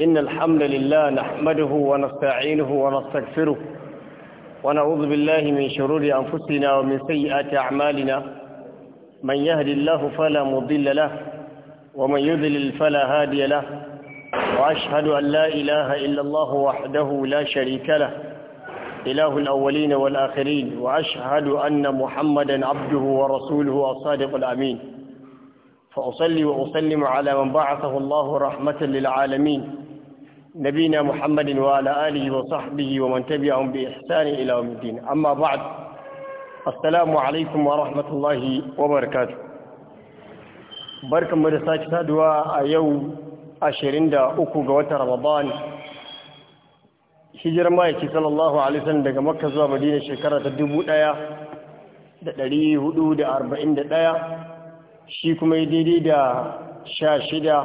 إن الحمد لله نحمده ونستعينه ونستغفره ونعوذ بالله من شرور أنفسنا ومن سيئات أعمالنا من يهد الله فلا مضل له ومن يذلل فلا هادي له وأشهد أن لا إله إلا الله وحده لا شريك له إله الأولين والآخرين وأشهد أن محمدا عبده ورسوله الصادق الأمين فأصلي وأسلم على من بعثه الله رحمة للعالمين نبينا محمد وعلى آله وصحبه ومن تبعهم بإحسان إلى يوم الدين أما بعد السلام عليكم ورحمة الله وبركاته بركة مرساك سادوا أيو أشرين دا أكو قوات رمضان hijirar ma'aiki sallallahu alaihi wasallam daga makka zuwa madina shekara ta dubu ɗaya da ɗari hudu da arba'in da ɗaya shi kuma daidai da sha shida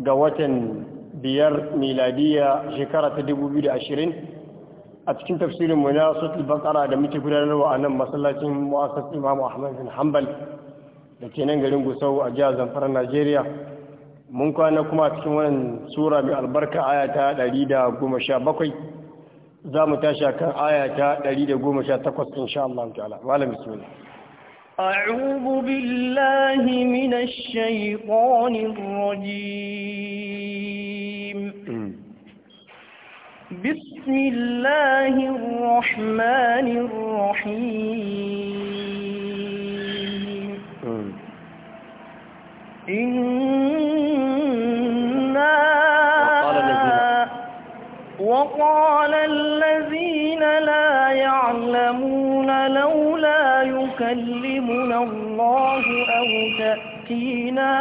ga watan biyar miladiya shekara ta dubu da ashirin a cikin tafsirin na bakara da muke gudanarwa a nan masallacin mu'asas imam ahmad bin hanbal da ke nan garin gusau a jihar zamfara nigeria mun kwana kuma cikin wannan sura mai albarka aya ta za mu tashi kan aya ta ɗari da goma sha takwas insha Allah ta'ala malam bismillah أعوذ بالله من الشيطان الرجيم بسم الله الرحمن الرحيم إنا وقال الذين لا يعلمون لولا يكلمون تأتينا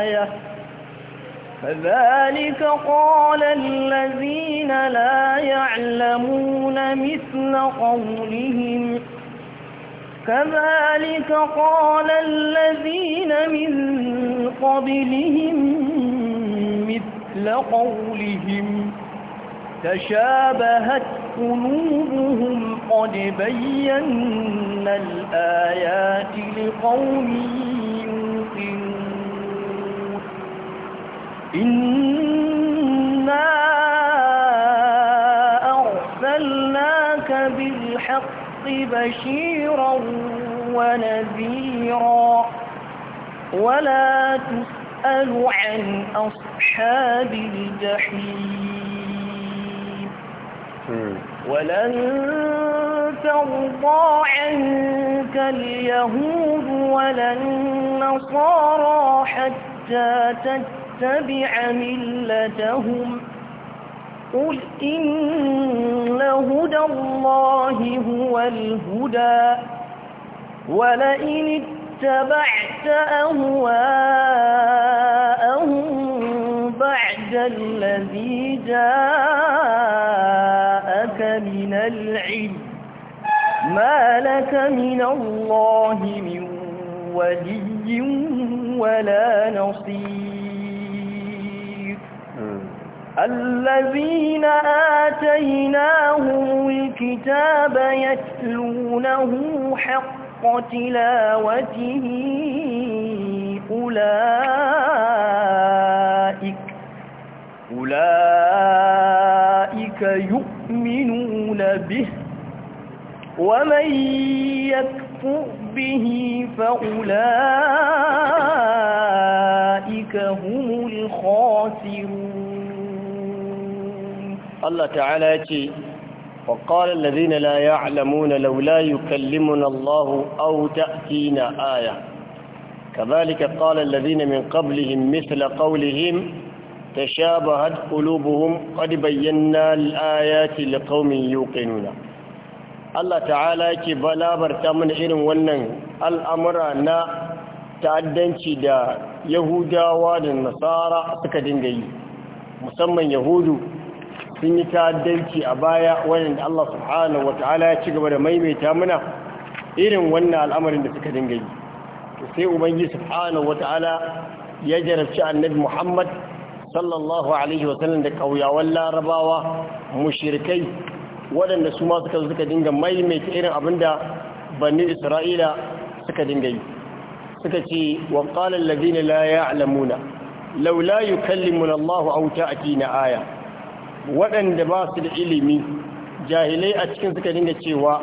آية فذلك قال الذين لا يعلمون مثل قولهم كذلك قال الذين من قبلهم مثل قولهم تشابهت قلوبهم قد بَيَّنَّا الْآيَاتِ لِقَوْمٍ يُوقِنُونَ إِنَّا أَرْسَلْنَاكَ بِالْحَقِّ بَشِيرًا وَنَذِيرًا وَلَا تُسْأَلُ عَنْ أَصْحَابِ الْجَحِيمِ ولن ترضى عنك اليهود ولا النصارى حتى تتبع ملتهم قل إن هدى الله هو الهدى ولئن اتبعت أهواءهم بعد الذي جاءك من العلم ما لك من الله من ولي ولا نصير الذين آتيناهم الكتاب يتلونه حق تلاوته أولئك أولئك يؤمنون به ومن يكفر به فأولئك هم الخاسرون الله تعالى يتي وقال الذين لا يعلمون لولا يكلمنا الله أو تأتينا آية كذلك قال الذين من قبلهم مثل قولهم تشابهت قلوبهم قد بينا الآيات لقوم يوقنون Allah ta'ala yake balabarta mana irin wannan al'amura na ta'addanci da Yahudawa da Nasara suka dinga yi musamman Yahudu sun yi ta'addanci a baya wanda Allah subhanahu wata'ala ya ci gaba da maimaita mana irin wannan al'amarin da suka dinga yi sai ubangi subhanahu wata'ala ya jarabci annabi Muhammad sallallahu alaihi wasallam da ƙauyawan larabawa shirikai. waɗanda su ma suka suka dinga maimaita irin abin da bani isra'ila suka dinga yi suka ce wa qala allazina la ya'lamuna law la yukallimuna Allahu aya waɗanda ba su da ilimi jahilai a cikin suka dinga cewa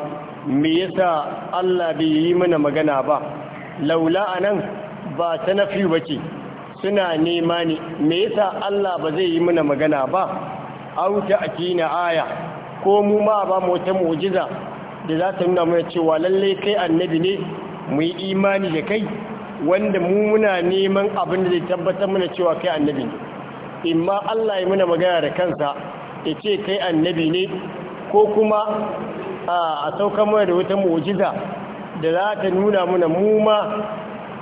me yasa Allah bai yi mana magana ba laula anan ba ta nafi bace suna nema ne me yasa Allah ba zai yi mana magana ba auta na aya ko mu ma ba mu wata mu'jiza da za ta nuna mana cewa lalle kai annabi ne mu yi imani da kai wanda mu muna neman abin da zai tabbatar mana cewa kai annabi ne imma Allah ya muna magana da kansa ya ce kai annabi ne ko kuma a saukar mana da wata mu'jiza da za ta nuna mana mu ma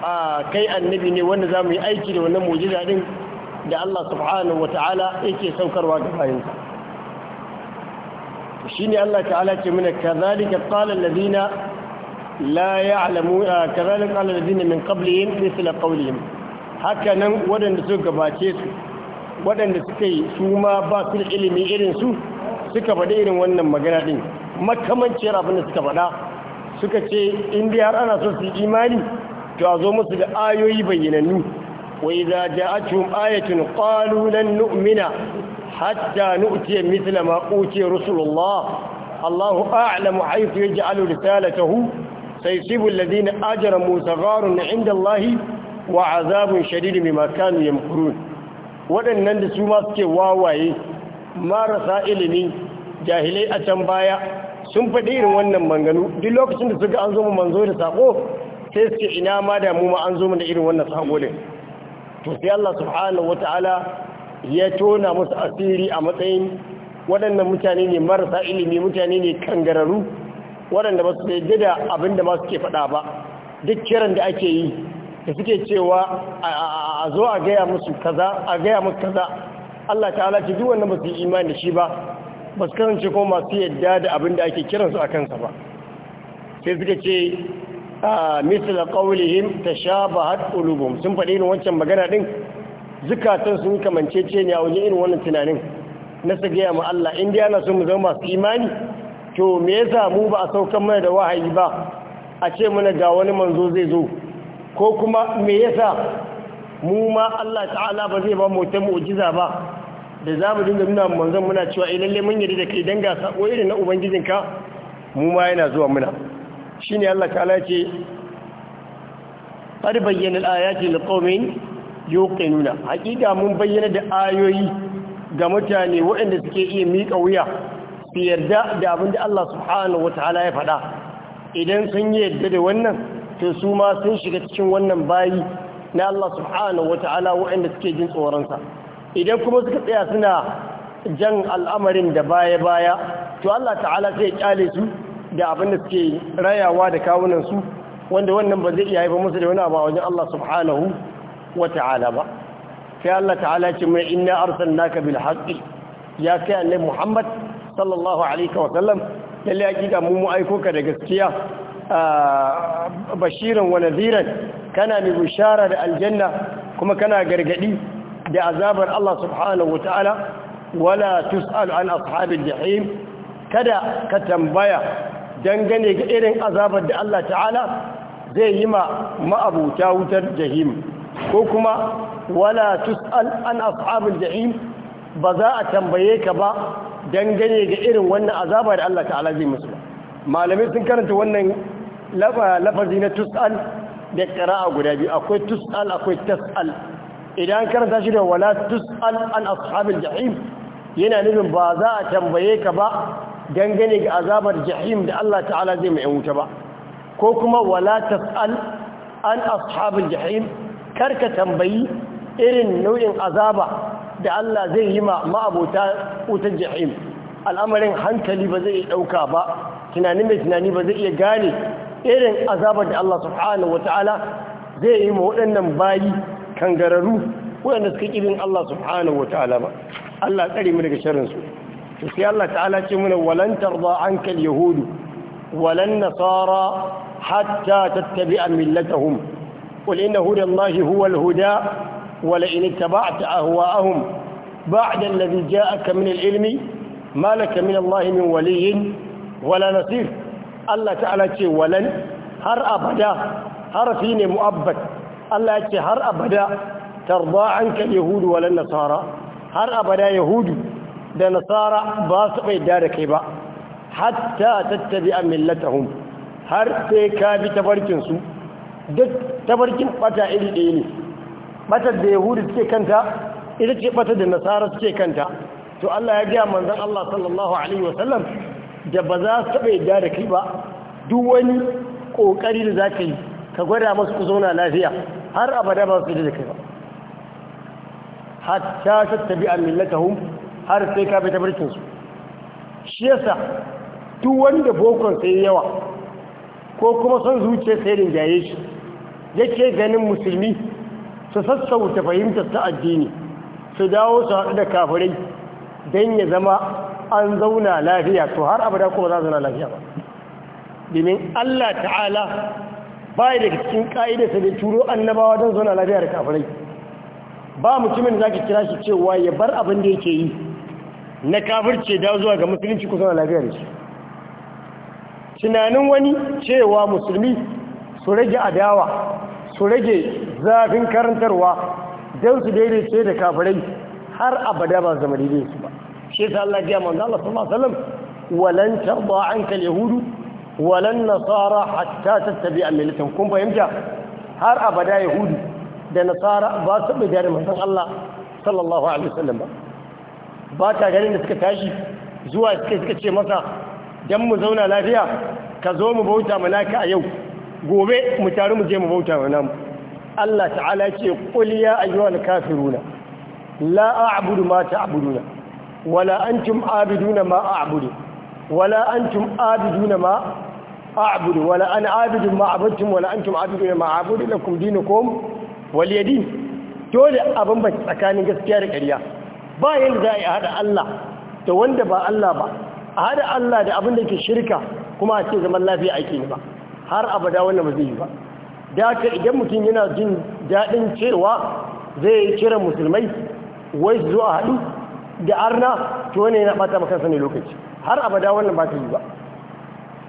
a kai annabi ne wanda za mu yi aiki da wannan mu'jiza din da Allah subhanahu wata'ala yake saukarwa ga bayansa shine Allah ta'ala ce mana kazalika qala allazina la ya'lamu ah, kazalika qala allazina min qablihim misla qawlihim haka nan waɗanda suka gabace su waɗanda suka yi su ma ba su da ilimi irin su suka faɗi irin wannan magana din makamanciyar abin da suka faɗa suka ce in dai har ana so su yi imani to a zo musu da ayoyi bayyanannu wa idza ja'atuhum ayatun qalu lan nu'mina hatta nu'tiya mithla ma utiya rasulullah Allahu a'lamu haythu yaj'alu risalatahu saysibu alladhina ajramu sagharun 'inda Allah wa 'adhabun shadidun bima kanu yamkurun wadannan da su ma suke wawaye marasa ilimi jahilai a can baya sun faɗi irin wannan manganu duk lokacin da suka an zo mu manzo da sako sai suke ina ma da mu ma an zo mu da irin wannan sako ne to sai Allah subhanahu wataala ya tona musu asiri a matsayin waɗannan mutane ne marasa ilimi mutane ne kan kangararru waɗanda ba su yadda da abin da ma suke faɗa ba duk kiran da ake yi da suke cewa a zo a gaya musu kaza a gaya musu kaza Allah ta'ala ce duk wannan ba su yi imani da shi ba ba su kasance ko masu yadda da abin da ake kiransu a kansa ba sai suka ce ah, misal qawlihim tashabahat ulubum sun faɗi irin wancan magana ɗin? zukatan sun kamance ne a wajen irin wannan tunanin na sagaya mu Allah in dai ana so mu zama masu imani to me yasa mu ba a saukan mana da wahayi ba a ce mana ga wani manzo zai zo ko kuma me yasa mu ma Allah ta'ala ba zai ba mu ta mu'jiza ba da za mu dinga nuna manzon muna cewa eh lalle mun yarda da kai dan ga sako irin na ubangijinka mu ma yana zuwa muna shine Allah ta'ala ya ce qad bayyana al-ayati liqaumin yuqinuna hakika mun bayyana da ayoyi ga mutane waɗanda suke iya miƙa wuya su yarda da abin da Allah subhanahu wataala ya faɗa idan sun yi yarda da wannan to su ma sun shiga cikin wannan bayi na Allah subhanahu wataala waɗanda suke jin tsoronsa idan kuma suka tsaya suna jan al'amarin da baya-baya to Allah ta'ala sai ya kyale su da abin da suke rayawa da kawunan su wanda wannan ba zai iya haifar musu da wani abu a wajen Allah subhanahu wa ta'ala ba sai Allah ta'ala ce mai inna arsalnaka bil haqqi ya kai annabi Muhammad sallallahu alaihi wa sallam lalle hakika mu mu aiko ka da gaskiya ah, bashiran wa nadhiran kana ni bishara da aljanna kuma kana gargadi da azabar Allah subhanahu wa ta'ala wala tus'al an ashabil jahim kada ka tambaya dangane ga irin azabar da Allah ta'ala zai yi ma ma'abuta wutar jahim ko kuma wala tus'al an ashabul jahim ba za a tambaye ka ba dangane ga irin wannan azaba da Allah ta'ala zai musu malamai sun karanta wannan lafazi na tus'al da qira'a guda biyu akwai tus'al akwai tas'al idan karanta shi da wala tus'al an ashabul jahim yana nufin ba za a tambaye ka ba dangane ga azabar jahim da Allah ta'ala zai mai wuta ba ko kuma wala tas'al an ashabul jahim karka tambayi irin nau'in azaba da Allah zai yi ma ma'abota wutar jahim al'amarin hankali ba zai ɗauka ba tunani mai tunani ba zai iya gane irin azabar da Allah subhanahu wata'ala zai yi ma waɗannan bayi kangararru waɗanda suka ƙirin Allah subhanahu wata'ala ba Allah tsare mu daga sharrinsu su sai Allah ta'ala ce mana walan tarda anka al-yahudu walan nasara hatta tattabi'a millatahum قل إن هدى الله هو الهدى ولئن اتبعت أهواءهم بعد الذي جاءك من العلم ما لك من الله من ولي ولا نصير الله تعالى ce walan har abada harfi ne mu'abbat Allah ya ce har abada tarda anka yahudu walan nasara har abada yahudu da nasara ba su bai da kai ba hatta tattabi'a millatahum har sai ka ta tabarkin su duk tabarkin bata iri ɗaya ne bata da yahudu suke kanta ita ce batar da nasara suke kanta to Allah ya gaya manzon Allah sallallahu alaihi wasallam da ba za su taɓa yadda da kai ba duk wani ƙoƙari da za ka yi ka gwada masu ku zauna lafiya har abada ba su da kai ba hatta tabi an millatahum har sai ka bi tabarkin su shi yasa duk wanda bokon sai yawa ko kuma son zuciya sai rinjaye shi yake ganin musulmi su sassauta fahimtar ta addini su dawo su haɗu da kafirai don ya zama an zauna lafiya to har abada kuma za zauna lafiya ba domin Allah ta'ala ba daga cikin ƙa'idarsa da turo annabawa don zauna lafiya da kafirai ba mutumin da za ka kira shi cewa ya bar abin da yake yi na kafirce da zuwa ga musulunci kusa da lafiya da shi tunanin wani cewa musulmi su rage adawa su rage zafin karantarwa don su daidaice da kafirai har abada ba zama daidai su ba shi ta Allah ya manzo Allah sallallahu alaihi wasallam walan tarda anka walan nasara hatta tattabi'a millatan kun fahimta har abada yahudu da nasara ba su bi da manzon Allah sallallahu alaihi wasallam ba ba ta ganin da suka tashi zuwa suka suka ce masa dan mu zauna lafiya ka zo mu bauta malaka a yau gobe mu taru mu je mu bauta wa namu Allah ta'ala ce qul ya ayyuhal kafiruna la a'budu ma ta'buduna wala antum abiduna ma a'budu wala antum abiduna ma a'budu wala ana a'budu ma abadtum wala antum abiduna ma a'budu lakum dinukum waliyadin dole abin ba tsakanin gaskiya da ƙarya ba yanda za a yi hada Allah da wanda ba Allah ba a hada Allah da abin da ke shirka kuma a ce zaman lafiya ake ne ba har abada wannan ba zai yi ba da ka idan mutum yana jin daɗin cewa zai yi cire musulmai wai zuwa a haɗu da arna to wani yana ɓata makansa ne lokaci har abada wannan ba ta yi ba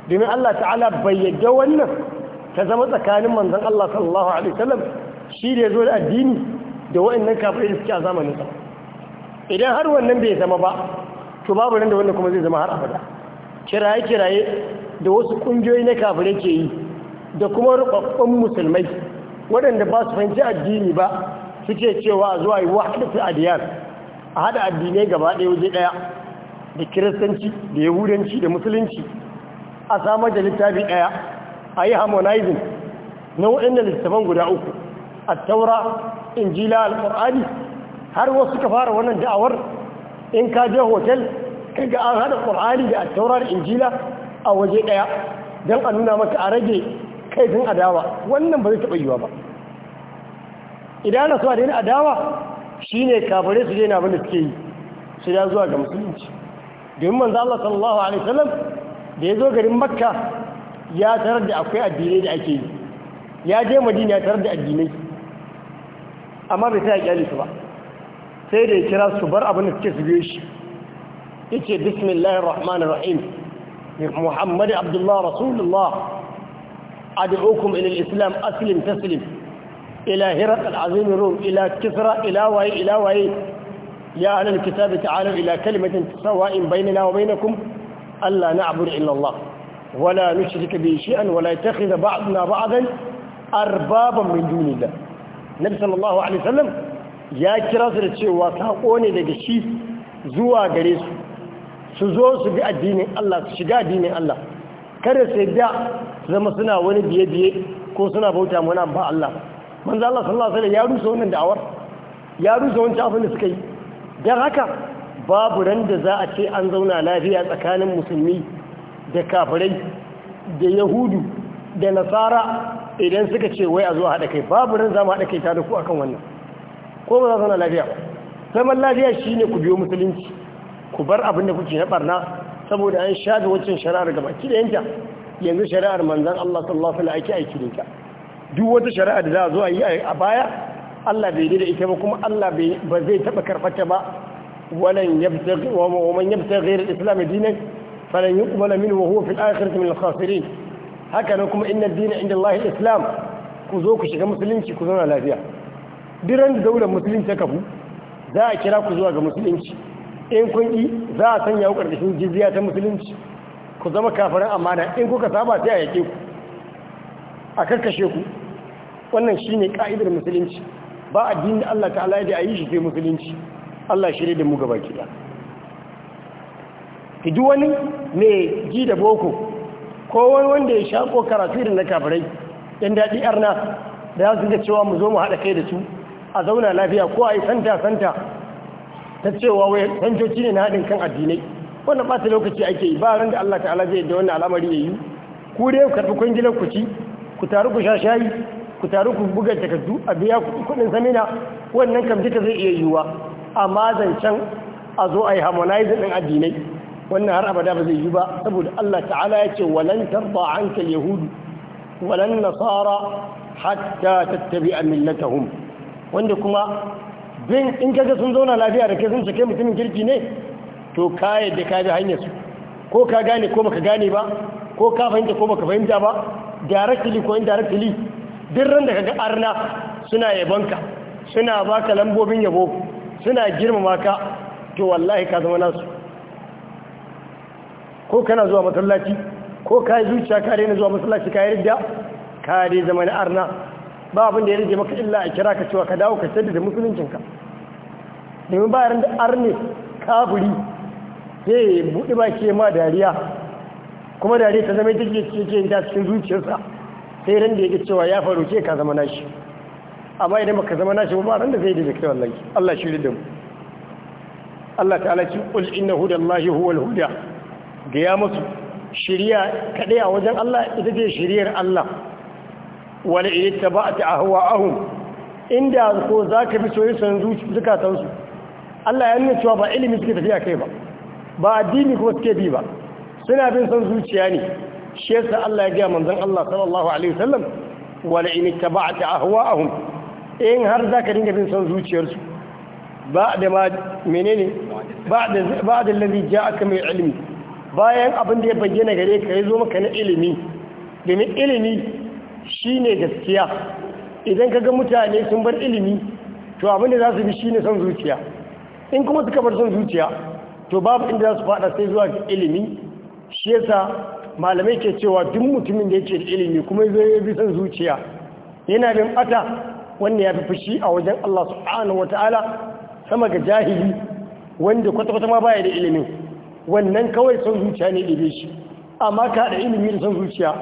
domin Allah ta'ala bai yadda wannan ta zama tsakanin manzon Allah sallallahu alaihi wasallam shi da zo da addini da wa'annan kafirai da suke a zamanin sa idan har wannan bai zama ba to babu nan da wannan kuma zai zama har abada kiraye kiraye da wasu ƙungiyoyi na kafirai ke yi da kuma rubabbun musulmai waɗanda ba su fahimci addini ba suke cewa zuwa yi wahadatu adiyar a haɗa addinai gaba ɗaya waje ɗaya da kiristanci da yahudanci da musulunci a samar da littafi ɗaya a yi harmonizing na waɗanda littafan guda uku a taura injila al'ur'ani har wasu ka fara wannan da'awar in ka je hotel ga an haɗa ƙur'ani da a taurar injila a waje ɗaya don a nuna maka a rage kaifin adawa wannan ba zai taɓa yiwa ba idan ana suwa a yin adawa shine kafare su daina abin da suke yi su da zuwa ga musulunci domin manzo Allah sallallahu alaihi wasallam da ya zo garin makka ya tarar da akwai addinai da ake yi ya je madina ya tarar da addinai amma bai ta kyale su ba sai da ya kira su bar abin da suke su biyo shi yace bismillahir rahmanir rahim محمد عبد الله رسول الله أدعوكم إلى الإسلام أسلم تسلم إلى هرق العظيم الروم إلى كسرى إلى وعي إلى وعي يا أهل الكتاب تعالوا إلى كلمة سواء بيننا وبينكم ألا نعبد إلا الله ولا نشرك به شيئا ولا يتخذ بعضنا بعضا أربابا من دون الله النبي صلى الله عليه وسلم يا kira su da cewa الشيء ne قريسه su zo su bi addinin Allah su shiga addinin Allah kada su da zama suna wani biye-biye ko suna bauta mana ba Allah manzo Allah sallallahu alaihi ya rusa wannan da'awar ya rusa wancan abin da suka yi dan haka babu ran da za a ce an zauna lafiya tsakanin musulmi da kafirai da yahudu da nasara idan suka ce wai a zo haɗa kai babu ran za mu haɗa kai ta da ku akan wannan ko ba za zauna lafiya ba zaman lafiya shine ku biyo musulunci ku bar abin da kuke na barna saboda an shafe waccan shari'ar gaba ki da yanta yanzu shari'ar manzon Allah sallallahu alaihi wasallam aiki aiki duk wata shari'a da za a zo a yi a baya Allah bai da ita ba kuma Allah ba zai taba karfata ba walan yabtaghi wa man yabtaghi ghayra al-islam dinan falan yuqbal minhu wa huwa fil akhirati min al-khasirin haka nan kuma inna ad-din inda Allah al-islam ku zo ku shiga musulunci ku zauna lafiya duk da daular musulunci ka kafu za a kira ku zuwa ga musulunci in kun yi za a sanya ku ƙarƙashin jizya ta musulunci ku zama kafirin amana in kuka saba sai a yake ku a karkashe ku wannan shine ka'idar musulunci ba dini Allah ta'ala da yi shi sai musulunci Allah shirye da mu gaba kida ki duk wani mai ji da boko ko wani wanda ya shaƙo karatu da na kafirai yan daɗi arna da za su cewa mu zo mu haɗa kai da su a zauna lafiya ko a yi santa santa ta cewa wai hanjoci ne na haɗin kan addinai wannan ɓata lokaci ake yi ba ran da Allah ta'ala zai da wannan al'amari ya yi ku dai ku karɓi kwangilar ku ci ku taru ku sha shayi ku taru ku buga takardu a biya kuɗin samina wannan kam duka zai iya yiwuwa amma zancen a zo a yi harmonizing ɗin addinai wannan har abada ba zai yi ba saboda Allah ta'ala ya ce walan tarda yahudu walan nasara hatta tattabi'a millatahum wanda kuma bin in kaga sun zauna lafiya da kai sun sake mutumin kirki ne to ka yadda ka bi hanyar su ko ka gane ko baka gane ba ko ka fahimta ko baka fahimta ba directly ko indirectly duk ran da kaga arna suna yabonka suna baka lambobin yabo suna girmama ka to wallahi ka zama nasu ko kana zuwa masallaci ko ka yi zuciya ka daina zuwa masallaci ka yi rida ka dai zama na arna ba abin da ya rage maka illa a kira ka cewa ka dawo ka sadu da musuluncinka domin bayan da arne kafuri zai buɗe ba ke ma dariya kuma dariya ta zama take ke da cikin zuciyarsa sai ran da yake cewa ya faru ke ka zama nashi amma idan baka zama nashi ba ran da zai da kai wallahi Allah shi da mu Allah ta'ala ki qul inna hudallahi huwal huda ga ya musu shiriya kadai a wajen Allah ita ce shiriyar Allah wani idan ta ba ta ahuwa ahun inda ko za ka fi soyi son zukatansu Allah ya nuna cewa ba ilimin suke tafiya kai ba ba addini kuma suke bi ba suna bin son zuciya ne shi yasa Allah ya gaya manzon Allah sallallahu alaihi wasallam wala in tabata ahwa'ahum in har za ka dinga bin son zuciyarsu ba da ma menene ba da ba da ladhi ja'aka mai ilimi bayan abin da ya bayyana gare ka yazo maka na ilimi domin ilimi Shi ne gaskiya idan ka ga mutane sun bar ilimi to abinda za su bi shi ne son zuciya in kuma suka bar son zuciya to babu inda za su fada sai zuwa ilimi shi yasa malamai ke cewa duk mutumin da yake da ilimi kuma zai bi son zuciya yana bin ata wanda ya fi fushi a wajen Allah subhanahu wataala sama ga jahili wanda kwata-kwata ma baya da ilimi wannan kawai son zuciya ne ɗebe shi amma ka da ilimi da son zuciya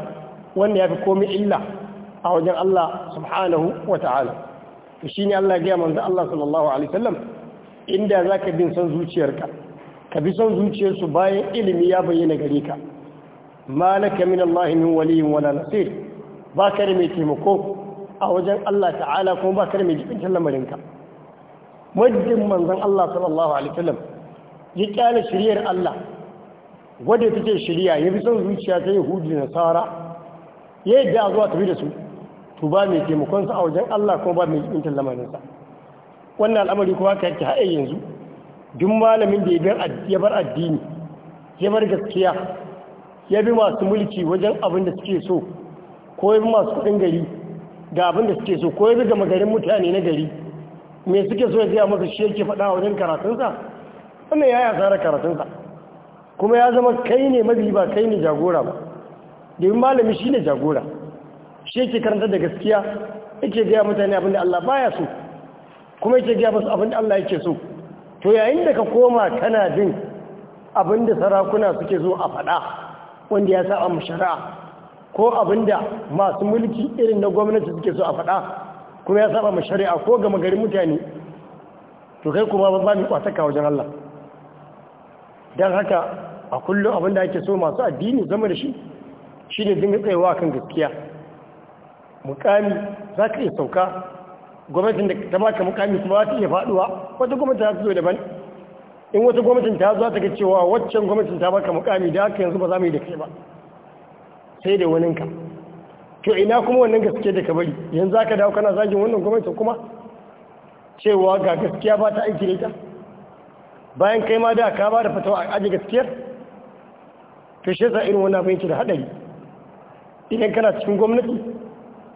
wanda ya fi komi illa a wajen Allah subhanahu wa ta'ala to shi ne Allah gaya manzo Allah sallallahu alaihi wasallam inda za ka bin son zuciyarka ka bi son zuciyarsu bayan ilimi ya bayyana gare ka malaka min Allah min waliyin wala nasir ba ka da mai taimako a wajen Allah ta'ala kuma ba ka da mai jibincin lamarinka muddin manzan Allah sallallahu alaihi wasallam ya kyale shiriyar Allah wadda ce shiriya ya bi son zuciya ta Yahudi da Nasara ya yi da zuwa tafi da su to ba mai taimakon a wajen Allah kuma ba mai jibintar lamarinsa wannan al'amari kuma ka yake haɗe yanzu duk malamin da ya bar addini ya bar gaskiya ya bi masu mulki wajen abin da suke so ko ya bi masu kuɗin gari da abin da suke so ko ya bi gama garin mutane na gari me suke so ya gaya masa shi yake faɗa wajen karatunsa wannan ya yi asarar karatunsa kuma ya zama kai ne mabi ba kai ne jagora ba domin malami shi ne jagora shi yake karanta da gaskiya yake gaya mutane abin da Allah baya so kuma yake gaya masu abin da Allah yake so to yayin da ka koma kana bin abin da sarakuna suke zo a faɗa wanda ya saba mu shari'a ko abin da masu mulki irin na gwamnati suke so a faɗa kuma ya saba mu shari'a ko ga magari mutane to kai kuma ba mu kwataka wajen Allah dan haka a kullum abin da ake so masu addini zama da shi shi ne dinga tsayawa kan gaskiya mukami za ka iya sauka gwamnatin da ta baka mukami su ba ta iya faduwa wata gwamnati ta zo daban in wata gwamnatin ta zo ta ga cewa waccan gwamnatin ta baka mukami da haka yanzu ba za mu yi da kai ba sai da waninka to ina kuma wannan gaskiya da ka bari yanzu za ka dawo kana zagin wannan gwamnatin kuma cewa ga gaskiya ba ta aiki da ita bayan kai ma da ka ba da fatawa a aji gaskiyar to shi irin wannan abin da hadari idan kana cikin gwamnati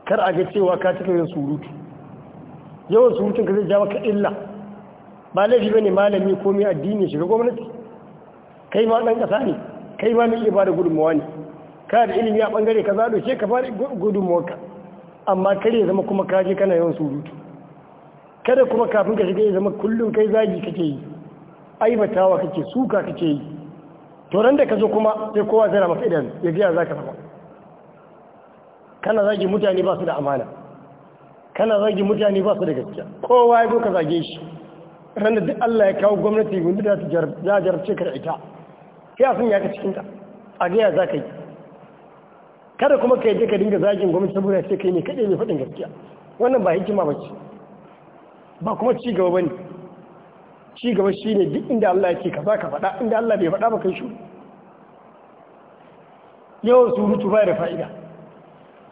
kar a ga cewa ka cika yin surutu yawan surutun ka zai ja maka illa ba laifi bane malami ko mai addini shiga gwamnati kai ma dan kasa ne kai ma mai iya bada gudunmawa ne ka da ilimi a bangare ka zaɗo ce ka bada gudunmawa ka amma kare ya zama kuma kaje kana yawan surutu kada kuma kafin ka shiga ya zama kullum kai zagi kake yi aibatawa kake suka kake yi to ran da ka zo kuma sai kowa zai rama idan ya biya za ka zama kana zagi mutane ba su da amana kana zagi mutane ba su da gaskiya kowa ya zo ka zage shi ran da duk Allah ya kawo gwamnati gundu da ta jarabce ka ita sai a ya ka cikin ka a ga za ka yi kada kuma ka je ka dinga zagin gwamnati saboda sai kai ne kaɗai ne faɗin gaskiya wannan ba hikima ba ce ba kuma ci gaba bane ci gaba shine duk inda Allah ya ce ka za ka faɗa inda Allah bai faɗa ba kai shi su mutu ba da fa'ida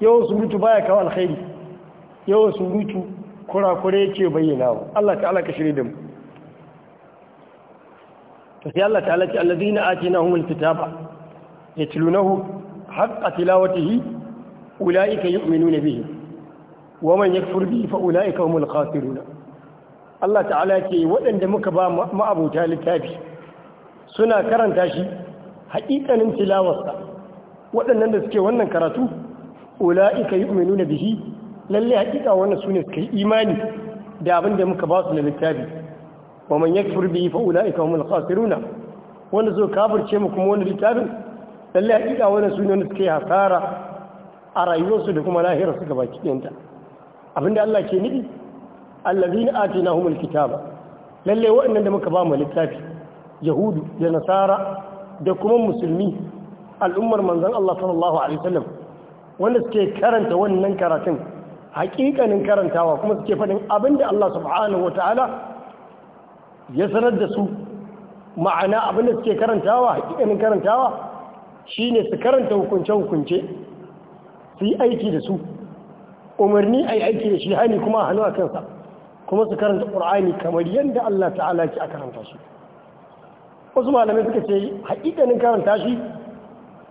yawan surutu ya kawo alkhairi yawan surutu kurakure yake bayyana wa Allah ta'ala ka shirye da mu to sai Allah ta'ala ce allazina atinahumul kitaba yatlunahu haqqa tilawatihi ulaika yu'minuna bihi wa man ya bihi fa ulaika humul khasirun Allah ta'ala ce waɗanda muka ba ma'abuta littafi suna karanta shi haƙiƙanin tilawarsa waɗannan da suke wannan karatu ula'ika yu'minuna bihi lalle hakika wannan sune suka yi imani da abin da muka ba su na littafi wa man yakfur bihi fa ula'ika humul khasiruna wanda zo kafirce mu kuma wani littafin lalle hakika wannan sune wanda suka yi hasara a rayuwarsu da kuma lahira suka baki ɗinta abinda Allah ke nufi na atinahumul kitaba lalle waɗannan da muka ba mu littafi yahudu da nasara da kuma musulmi al'ummar manzon Allah sallallahu alaihi wasallam wanda suke karanta wannan karatun hakikanin karantawa kuma suke faɗin abinda Allah subhanahu wataala ya sanar da su ma'ana abinda suke karantawa hakikanin karantawa shine su karanta hukunce-hukunce su yi aiki da su umarni a yi aiki da shi hani kuma hannu a kansa kuma su karanta ƙur'ani kamar yadda Allah ta'ala ke a karanta shi wasu malamai suka ce hakikanin karanta shi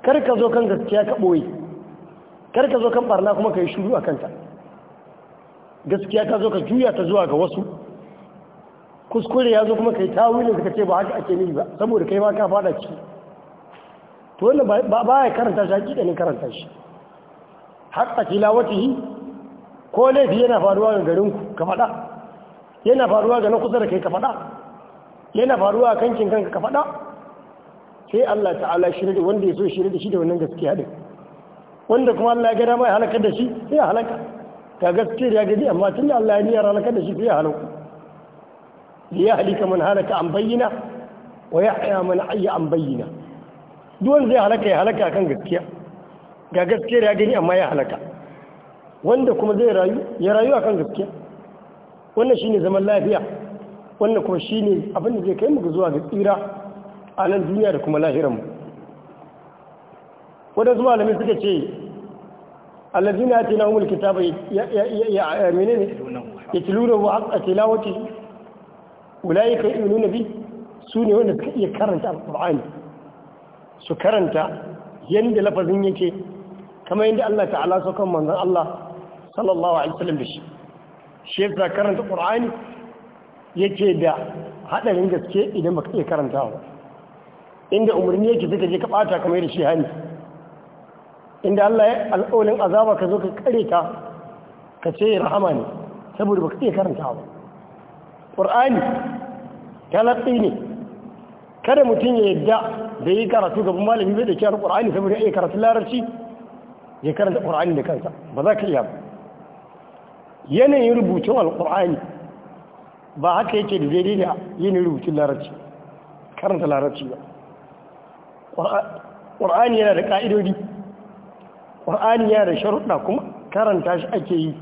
ka zo kan gaskiya ka ɓoye kar ka zo kan barna kuma ka yi shuru a kanta gaskiya ka zo ka juya ta zuwa ga wasu kuskure ya zo kuma ka yi tawilin ka ce ba haka ake nufi ba saboda kai ma ka fada ciki to wanda ba ya karanta shi ne karanta shi hatta tilawati ko laifi yana faruwa ga garinku ka faɗa yana faruwa ga na kusa da kai ka faɗa yana faruwa a kankin kanka ka faɗa sai Allah ta'ala shirya wanda ya so shirya da shi da wannan gaskiya din wanda kuma Allah ya gada mai halaka da shi sai ya halaka ka da ya gaji amma tun da Allah ya niyar halaka da shi sai ya halaka da ya halika man halaka an bayyana wa ya haya man hayya an bayyana duk wanda zai halaka ya halaka kan gaskiya ga da ya gani amma ya halaka wanda kuma zai rayu ya rayu akan gaskiya wannan shine zaman lafiya wannan kuma shine abin da zai kai mu zuwa ga tsira a nan duniya da kuma lahiran mu wadansu malamin suka ce allazina atinahumul kitaba yaminene yatlunahu haqqa tilawati ulaika yu'minuna bi sune wanda suka iya karanta alqur'ani su karanta yanda lafazin yake kamar yanda Allah ta'ala saukan manzon Allah sallallahu alaihi wasallam da shi shi karanta qur'ani yake da hadarin gaske idan baka iya karantawa inda umurni yake fita je ka bata kamar yadda shi hani inda Allah ya alƙawalin azaba ka zo ka kare ta ka ce rahama ne saboda baka iya karanta ba ƙur'ani talatsi ne kada mutum ya yadda da yi karatu gaban malami bai da kyar ƙur'ani saboda iya karatu larabci ya karanta ƙur'ani da kansa ba za ka iya ba yanayin rubutun alƙur'ani ba haka yake da daidai da yanayin rubutun larabci karanta larabci ba ƙur'ani yana da ka'idodi. ƙwa'ani ya da sharuɗa kuma karanta shi ake yi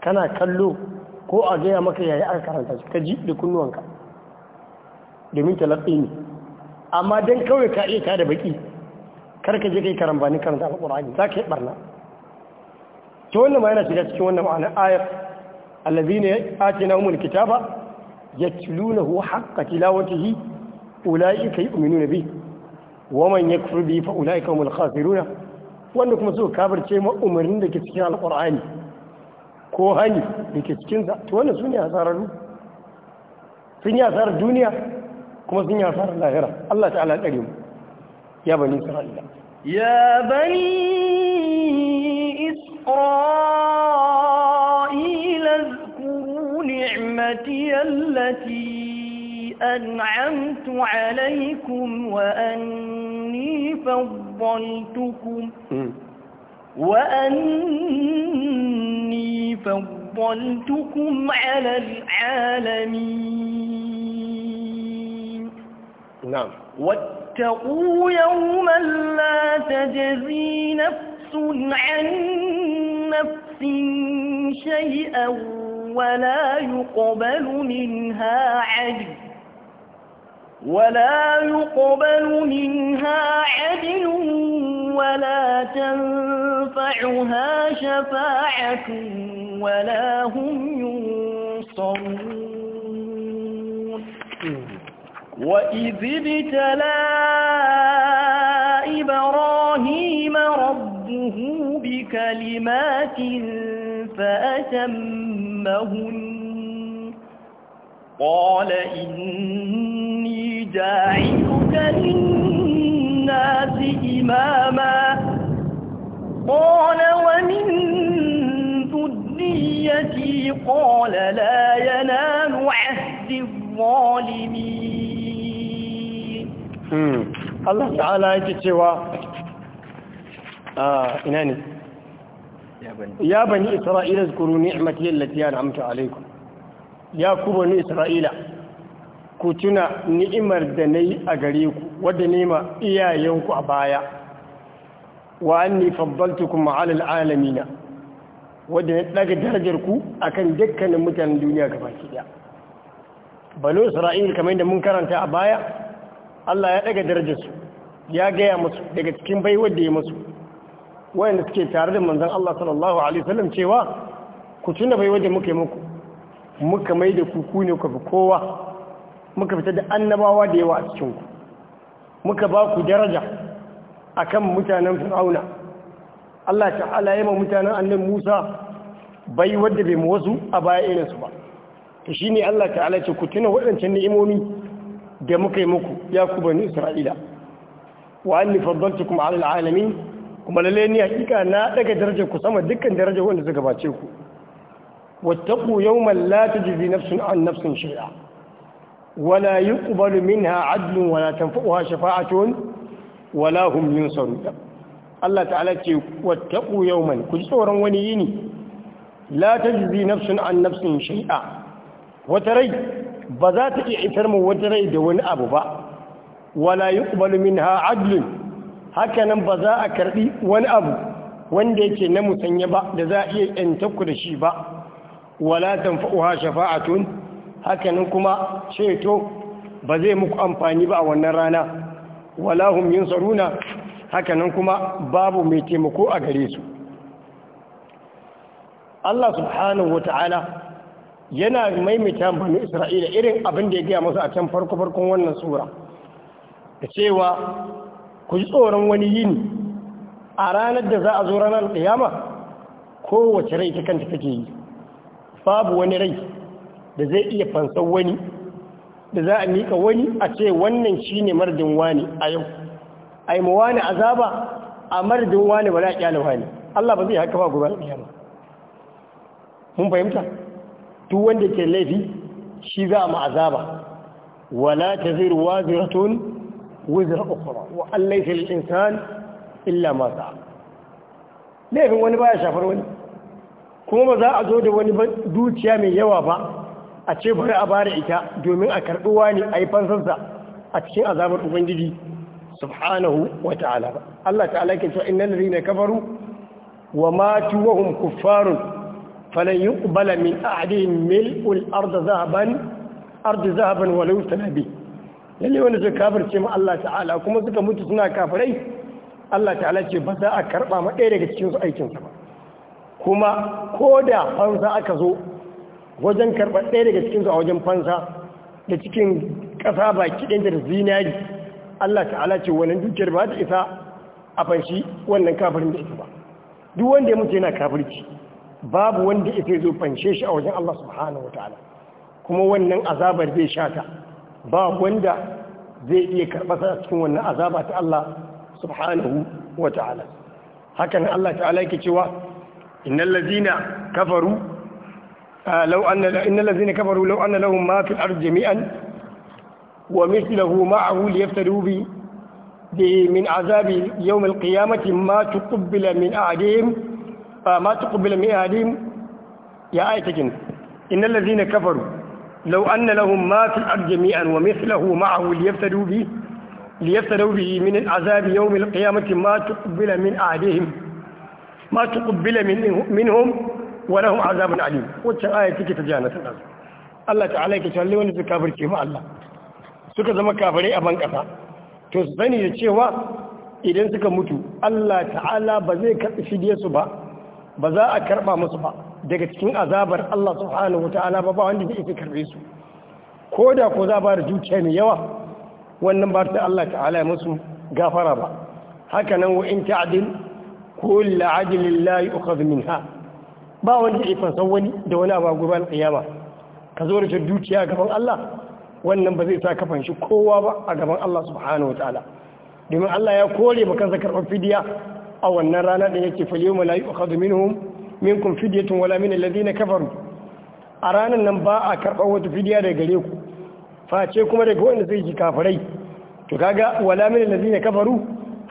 kana kallo ko a gaya maka yayi aka karanta shi ka ji da kunnuwanka domin talaɓe ne amma don kawai ka iya ta da baƙi karka je kai karambani karanta alƙur'ani za ka yi ɓarna ta wannan ma yana shiga cikin wannan ma'anar ayar allazina atina humul kitaba yatlunahu haqqa tilawatihi ulaika yu'minuna bihi wa man yakfur bihi fa ulaika humul khasiruna wanda kuma suka kafirce ma umarnin da ke cikin alƙur'ani ko hani da ke cikinsa to wannan su ne hasararru sun yi hasarar duniya kuma sun yi hasarar lahira Allah ta'ala tsare mu ya bani isra'ila ya bani isra'ila zkuru ni'mati allati أنعمت عليكم وأني فضلتكم وأني فضلتكم على العالمين نعم واتقوا يوما لا تجزي نفس عن نفس شيئا ولا يقبل منها عدل ولا يقبل منها عدل ولا تنفعها شفاعة ولا هم ينصرون وإذ ابتلى إبراهيم ربه بكلمات فأتمهن قال إني جاعلك للناس إماما قال ومن ذنيتي قال لا ينال عهد الظالمين الله تعالى يتشوى آه، إناني يا بني إسرائيل اذكروا نعمتي التي أنعمت عليكم ya kuma ni isra'ila ku tuna ni'imar da na yi a gare ku wadda nema iyayenku a baya wa anni faddaltukum alal alamina wadda na daga darajar ku a akan dukkanin mutanen duniya gaba ki da balo isra'il kamar yadda mun karanta a baya Allah ya daga darajarsu ya gaya musu daga cikin baiwar da ya musu wayanda suke tare da manzan Allah sallallahu alaihi wasallam cewa ku tuna baiwar da muke muku muka mai da kuku ne ku kowa muka fita da annabawa da yawa a cikinku muka ba ku daraja a kan mutanen fir'auna Allah ta'ala ya ma mutanen annan Musa bai wadda bai mu wasu a baya irinsu ba ta shi ne Allah ta'ala ce ku tuna waɗancan ni'imomi da muka yi muku ya ku bani Isra'ila wa an nifaddaltu kuma alal kuma lalle ni hakika na ɗaga darajar ku sama dukkan darajar wanda suka bace ku واتقوا يوما لا تجزي نفس عن نفس شيئا ولا يقبل منها عدل ولا تنفعها شفاعة ولا هم ينصرون Allah ta'ala ce wattaqu yawman ku ji tsoron wani yini la tajzi nafsun an nafsin shay'a wata rai ba za ta iya isar mu wata rai da wani abu ba wala yuqbalu minha adlun haka nan ba za a karbi wani abu wanda yake na musanya ba da za a iya yanta ku da shi ba wala tanfa'uha shafa'atun hakanin kuma ceto ba zai muku amfani ba a wannan rana wala hum yunsaruna hakanan kuma babu mai taimako a gare su Allah subhanahu wata'ala yana maimaita banu Isra'ila irin abin da ya gaya musu a can farko farkon wannan sura da cewa ku ji tsoron wani yini a ranar da za a zo ranar kiyama kowace rai ta kanta take yi babu wani rai da zai iya fansar wani da za a mika wani a ce wannan shi ne mardin wani a yau a yi mawani azaba a mardin wani ba za a kyale wani Allah ba zai haka ba gobe alƙiyama mun fahimta duk wanda ke laifi shi za a ma'azaba wala ta zai ruwa ziratun wuzar ukura wa Allah ya fi insan illa ma sa'a laifin wani baya shafar wani kuma ba za a zo da wani dukiya mai yawa ba a ce bari a da ita domin a karɓuwa ne a yi fansarsa a cikin azabar ubangiji subhanahu wa ta'ala ba Allah ta'ala ke cewa innal ladina kafaru wa matu wa hum kuffarun falan yuqbala min ahadihim mil'ul ardi zahaban ardi zahaban walau tanabi lalle wanda zai kafirce ma Allah ta'ala kuma suka mutu suna kafirai Allah ta'ala ce ba za a karba ma ɗaya daga cikin su aikin sa ba kuma ko da fansa aka zo wajen karɓar ɗaya daga cikinsu a wajen fansa da cikin ƙasa ba ɗin da zinari Allah ta'ala ce wannan dukiyar ba ta isa a fanshi wannan kafirin da ita ba duk wanda ya mutu yana kafirci babu wanda ita zo fanshe shi a wajen Allah subhanahu wataala kuma wannan azabar zai shata ba wanda zai iya karɓasa a cikin wannan azaba ta Allah subhanahu wataala hakan Allah ta'ala yake cewa إن الذين كفروا آه لو أن إن الذين كفروا لو أن لهم ما في الأرض جميعا ومثله معه ليفتروا به من عذاب يوم القيامة ما تقبل من أعدهم آه ما تقبل من أعدهم يا آيتكن إن الذين كفروا لو أن لهم ما في الأرض جميعا ومثله معه ليفتروا به ليفتروا به من عذاب يوم القيامة ما تقبل من أعدهم ma tuqbila minhum wa lahum azabun alim wacce aya take ta jannatin nan Allah ta'ala yake cewa wanda suka mu Allah suka zama kafirai a ban kasa to sani da cewa idan suka mutu Allah ta'ala ba zai karɓi fidiyarsu ba ba za a karɓa musu ba daga cikin azabar Allah subhanahu wa ta'ala ba ba wanda zai iya karɓe su ko da ko za ba da zuciya mai yawa wannan ba ta Allah ta'ala ya musu gafara ba haka nan wa in ta'dil kulla ajilin layi ukhadhu ha, ba wanda ya fansan wani da wani abu guba alƙiyama ka zo ta dukiya gaban Allah wannan ba zai sa kafan shi kowa ba a gaban Allah subhanahu ta'ala, domin Allah ya kore maka kansa fidiya a wannan rana da yake fa yawma la yu'khadhu minhum minkum tun wala min alladhina kafaru a ranar nan ba a karɓar wata fidiya daga gare ku face kuma daga wanda zai ji kafirai to kaga wala min alladhina kafaru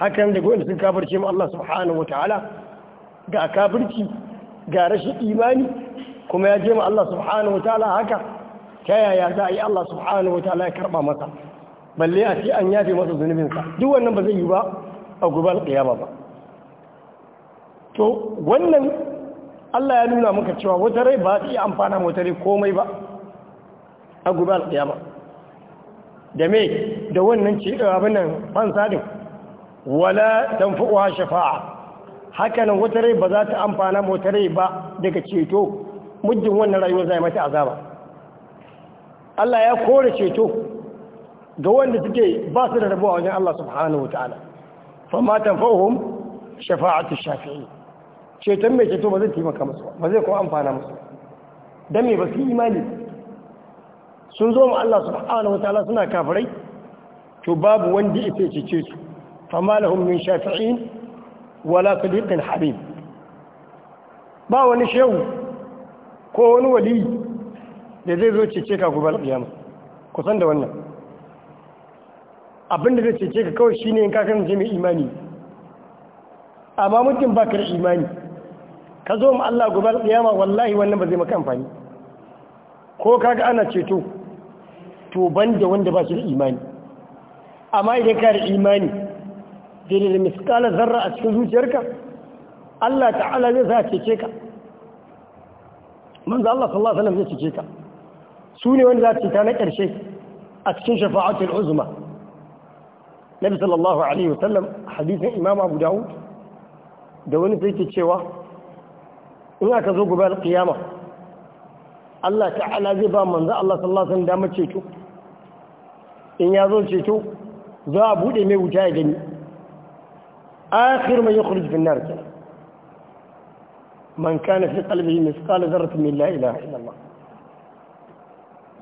hakan da goyon sun kafirce mu Allah subhanahu ta'ala ga kafirci ga rashin imani kuma ya je mu Allah subhanahu ta'ala haka ta yaya za a yi Allah subhanahu ta'ala ya karba masa balle a ce an yafe masa zunubinsa duk wannan ba zai yi ba a gobe kiyama ba to wannan Allah ya nuna muka cewa wata rai ba ta iya amfana wata rai komai ba a gobe kiyama da me da wannan ce abin nan ban sadin. wala tanfuwa shafa'a hakanan wata rai ba za ta amfana wata rai ba daga ceto muddin wannan rayuwar zai mata azaba Allah ya kore ceto ga wanda suke ba su da rabuwa wajen Allah subhanahu wataala fa ma tanfuhum shafa'atu shafi'i ceton mai ceto ba zai taimaka musu ba zai kuma amfana musu dan me ba su imani sun zo mu Allah subhanahu wataala suna kafirai to babu wanda ya ceto su فما لهم من شافعين ولا صديق حبيب ba wani shehu ko wani wali da zai zo cece ka gobe alƙiyama ku san da wannan abinda zai cece ka kawai shine in ka kasance mai imani amma mutum ba ka da imani ka zo ma Allah gobe alƙiyama wallahi wannan ba zai maka amfani ko kaga ana ceto to ban da wanda ba shi da imani amma idan ka da imani daidai da miskala zarra a cikin zuciyarka Allah ta'ala zai sa cece ka manzo Allah sallallahu alaihi wasallam zai cece ka su ne wanda za su ta na ƙarshe a cikin shafa'atul uzma nabi sallallahu alaihi wasallam hadisin imam abu dawud da wani sai ke cewa in aka zo gobe alqiyama Allah ta'ala zai ba manzo Allah sallallahu alaihi wasallam damar ceto in ya zo ceto za a buɗe mai wuta ya gani آخر من يخرج في النار كنا من كان في قلبه مثقال ذرة من لا إله إلا الله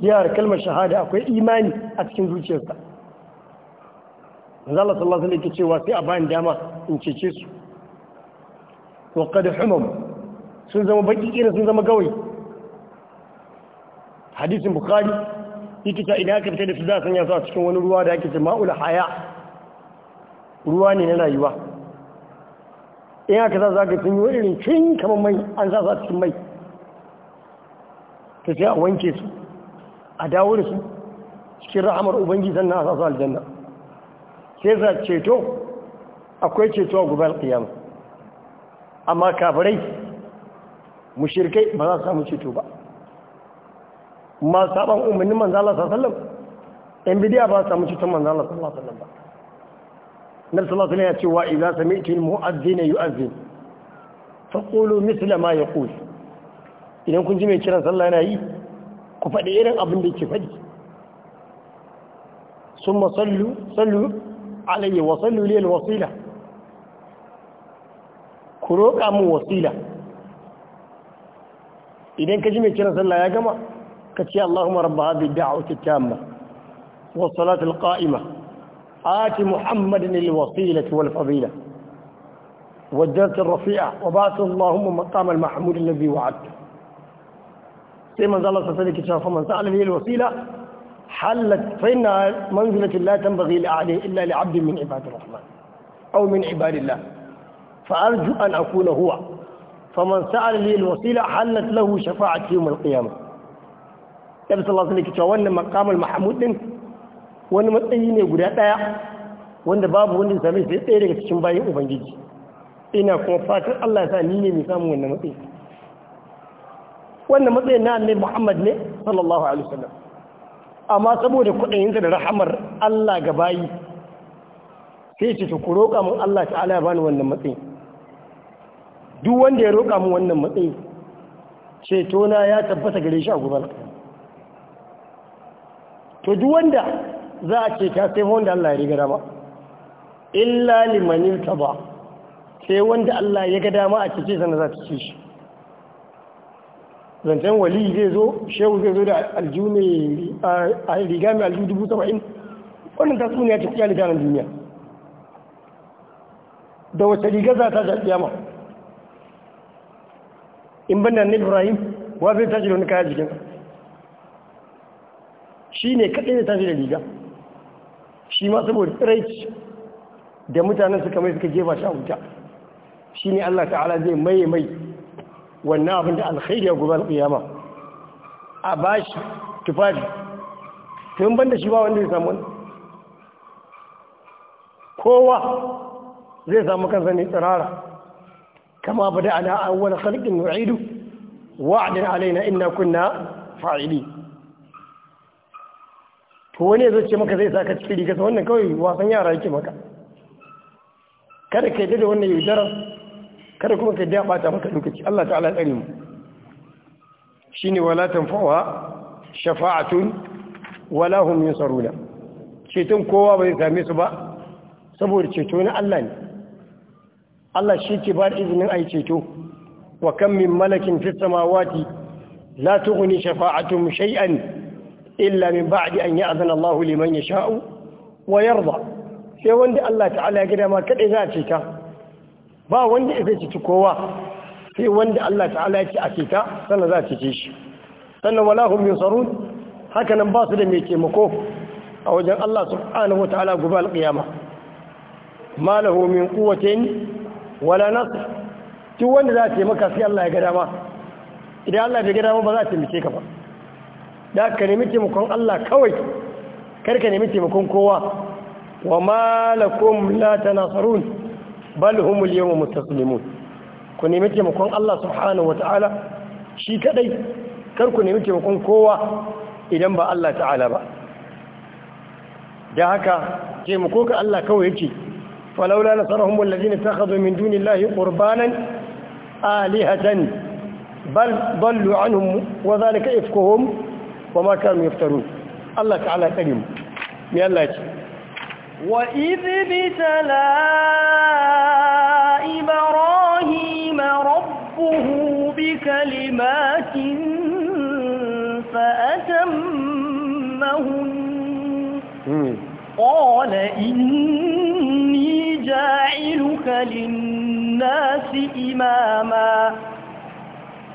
yawar kalmar shahada akwai imani a cikin zuciyarsa zala sallallahu alaihi wasallam cewa sai a bayan dama in cece su wa qad humam sun zama baki kira sun zama gawai hadisin bukhari yake ta idan aka fita da su za a su a cikin wani ruwa da ake ce haya ruwa ne na rayuwa in aka za za ka sun yi irin cin kamar mai an sa za cikin mai ta sai a wanke su a dawo da su cikin rahamar ubangiji sannan a sa su aljanna sai za ceto akwai ceto a gubar kiyama amma kafirai shirkai ba za su samu ceto ba masu saban umarnin manzala sallallahu alaihi wasallam yan bidiya ba su samu ceton manzala sallallahu ba nabi sallallahu alaihi wasallam ya ce wa idza sami'tu al-mu'adhdhin yu'adhdhin faqulu mithla ma yaqul idan kun ji mai kiran sallah yana yi ku faɗi irin abin da yake faɗi summa sallu sallu alayya wa sallu li al-wasila ku roƙa min wasila idan ka ji mai kiran sallah ya gama ka ce Allahumma rabba hadhihi ad-da'wati at-tamma was-salati al-qa'imah آت محمد الوسيلة والفضيلة والدرجة الرفيعة وبعث اللهم مقام المحمود الذي وعدته سيما زال الله سبحانه وتعالى فمن سأل لي الوسيلة حلت فإن منزلة لا تنبغي لأحد إلا لعبد من عباد الرحمن أو من عباد الله فأرجو أن أكون هو فمن سأل لي الوسيلة حلت له شفاعة يوم القيامة الله صلى الله عليه وسلم مقام المحمود mahmud wani matsayi ne guda ɗaya wanda babu wanda ya sami shi ɗaya daga cikin bayan ubangiji ina kuma fatan Allah ya sa ni ne mai samun wannan matsayi wannan matsayin na annabi Muhammad ne sallallahu alaihi wasallam amma saboda kuɗinsa da rahamar Allah ga bayi sai ce ku roƙa mun Allah ta'ala ya bani wannan matsayi duk wanda ya roƙa mun wannan matsayi ceto na ya tabbata gare shi a gobe to duk wanda za a ce ta sai wanda Allah ya riga dama illa limanin ta sai wanda Allah ya ga dama a cece sana za ta ci shi zancen wali zai zo shehu zai zo da aljume a riga mai aljihu dubu saba'in wannan ta suna ya ce kiyali ganin duniya da wace riga za ta jaɗi yama in ban ni ibrahim wa zai ta da wani kaya jikinsa shi ne kaɗai da ta da riga shi ma saboda tsiraici da mutanen suka mai suka jefa shi a wuta shi ne Allah ta'ala zai maye mai wannan abin da alkhairi ya gobe alƙiyama a ba shi tufafi tun banda shi ba wanda zai samu wani kowa zai samu kansa ne tsirara kama ba da ana awon khalqin wa'idu wa'adin alaina inna kunna fa'ili ko wani ya ce maka zai sa ka cikin rigarsa wannan kawai wasan yara yake maka kada ka yadda da wannan yaudarar kada kuma ka daɓa bata maka lokaci Allah ta'ala ya tsari mu Shi ne wala tanfa'a shafa'atun wala hum yunsaruna ceton kowa bai same su ba saboda ceto na Allah ne Allah shi ke ba da izinin ai ceto wa kan min malakin fis samawati la tughni shafa'atuhum shay'an illa min ba'di an ya'zana Allah liman yasha'u wa yarda sai wanda Allah ta'ala ya gida ma kadai za a ceta ba wanda ya ceci kowa sai wanda Allah ta'ala ya ce a ceta sannan za a cece shi sannan wala hum yunsarun haka nan ba su da mai taimako a wajen Allah subhanahu wataala gobe alqiyama ma lahu min quwwatin wala nasr duk wanda za a taimaka sai Allah ya gada ma idan Allah bai gada ma ba za a taimake ka ba da ka nemi taimakon Allah kawai karka nemi taimakon kowa wa malakum la tanasarun bal humul yawma mustaslimun ku nemi taimakon Allah subhanahu wataala shi kadai kar ku nemi taimakon kowa idan ba Allah ta'ala ba da haka taimako ka Allah kawai yake falaula nasarahum alladhina takhadhu min dunillahi qurbanan alihatan bal dallu anhum wa dhalika ifkuhum وما كانوا يفترون الله تعالى كريم يلا وإذ ابتلى إبراهيم ربه بكلمات فأتمهن قال إني جاعلك للناس إماما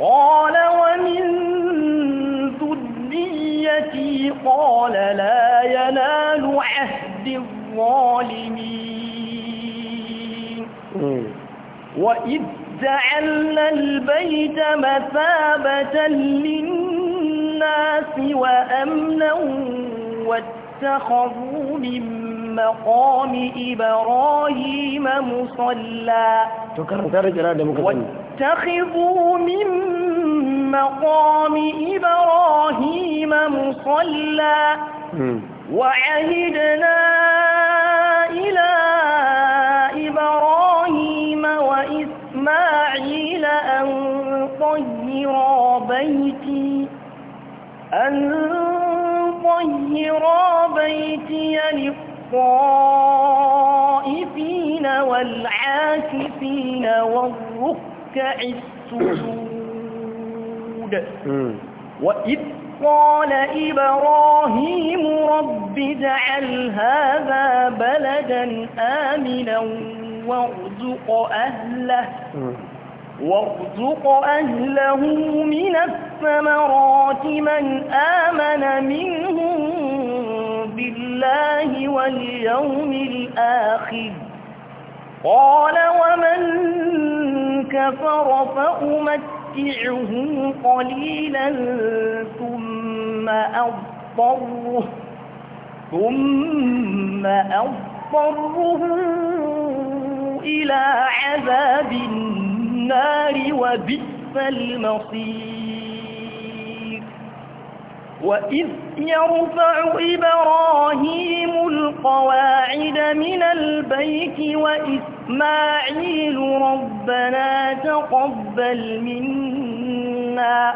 قال ومن قال لا ينال عهد الظالمين وإذ جعلنا البيت مثابة للناس وأمنا واتخذوا من مقام إبراهيم مصلى واتخذوا من مقام إبراهيم مصلى وعهدنا إلى إبراهيم وإسماعيل أن طهرا بيتي أن طهرا بيتي للطائفين والعاكفين والركع السجود الوجود وإذ قال إبراهيم رب اجعل هذا بلدا آمنا وارزق أهله وارزق أهله من الثمرات من آمن منهم بالله واليوم الآخر قال ومن كفر فأمت أمتعه قليلا ثم أضطره ثم أضطره إلى عذاب النار وبئس المصير وإذ يرفع إبراهيم القواعد من البيت وإسماعيل ربنا تقبل منا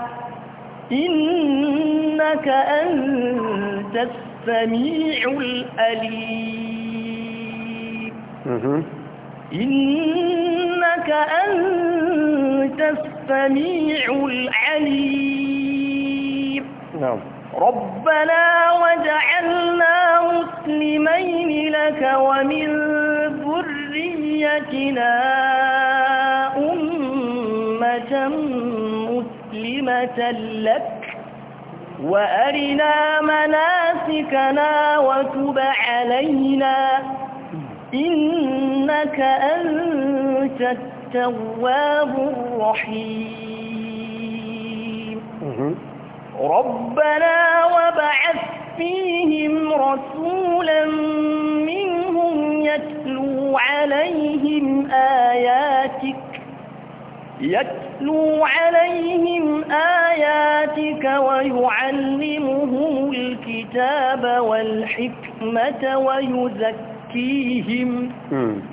إنك أنت السميع الأليم إنك أنت السميع العليم نعم ربنا وجعلنا مسلمين لك ومن ذريتنا أمة مسلمة لك وأرنا مناسكنا وتب علينا إنك أنت التواب الرحيم ربنا وبعث فيهم رسولا منهم يتلو عليهم آياتك يتلو عليهم آياتك ويعلمهم الكتاب والحكمة ويزكيهم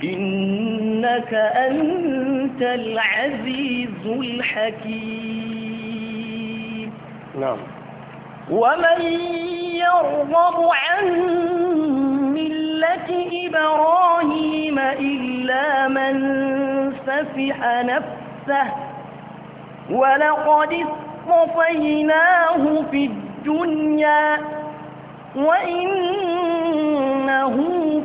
إنك أنت العزيز الحكيم نعم ومن يرغب عن ملة إبراهيم إلا من سفح نفسه ولقد اصطفيناه في الدنيا وإنه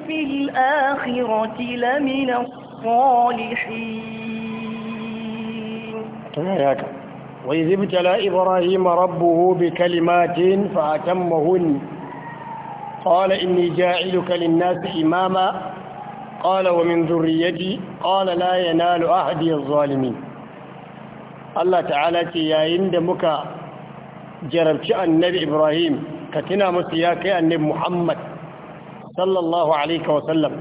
في الآخرة لمن الصالحين وإذ ابتلى إبراهيم ربه بكلمات فأتمهن قال إني جاعلك للناس إماما قال ومن ذريتي قال لا ينال أحدي الظالمين الله تعالى يا إند مكا جربت النبي إبراهيم كتنا مسياك النبي محمد صلى الله عليه وسلم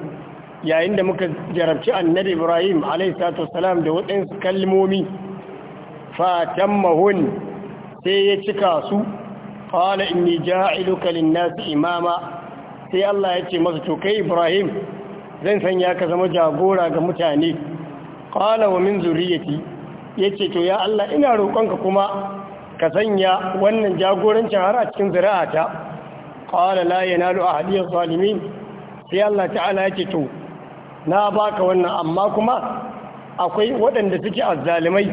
يا إند مكا جربت النبي إبراهيم عليه الصلاة والسلام دوت إنس كلمومي Fatan mahun sai ya cika su qala inni ja'iluka lin imama sai Allah ya ce masa to kai Ibrahim zan sanya ka zama jagora ga mutane qala wa min zurriyyati yace to ya Allah ina roƙonka kuma ka sanya wannan jagorancin har a cikin zuri'ata qala la yanalu a zalimin sai Allah ta'ala yace to na baka wannan amma kuma akwai waɗanda suke azzalimai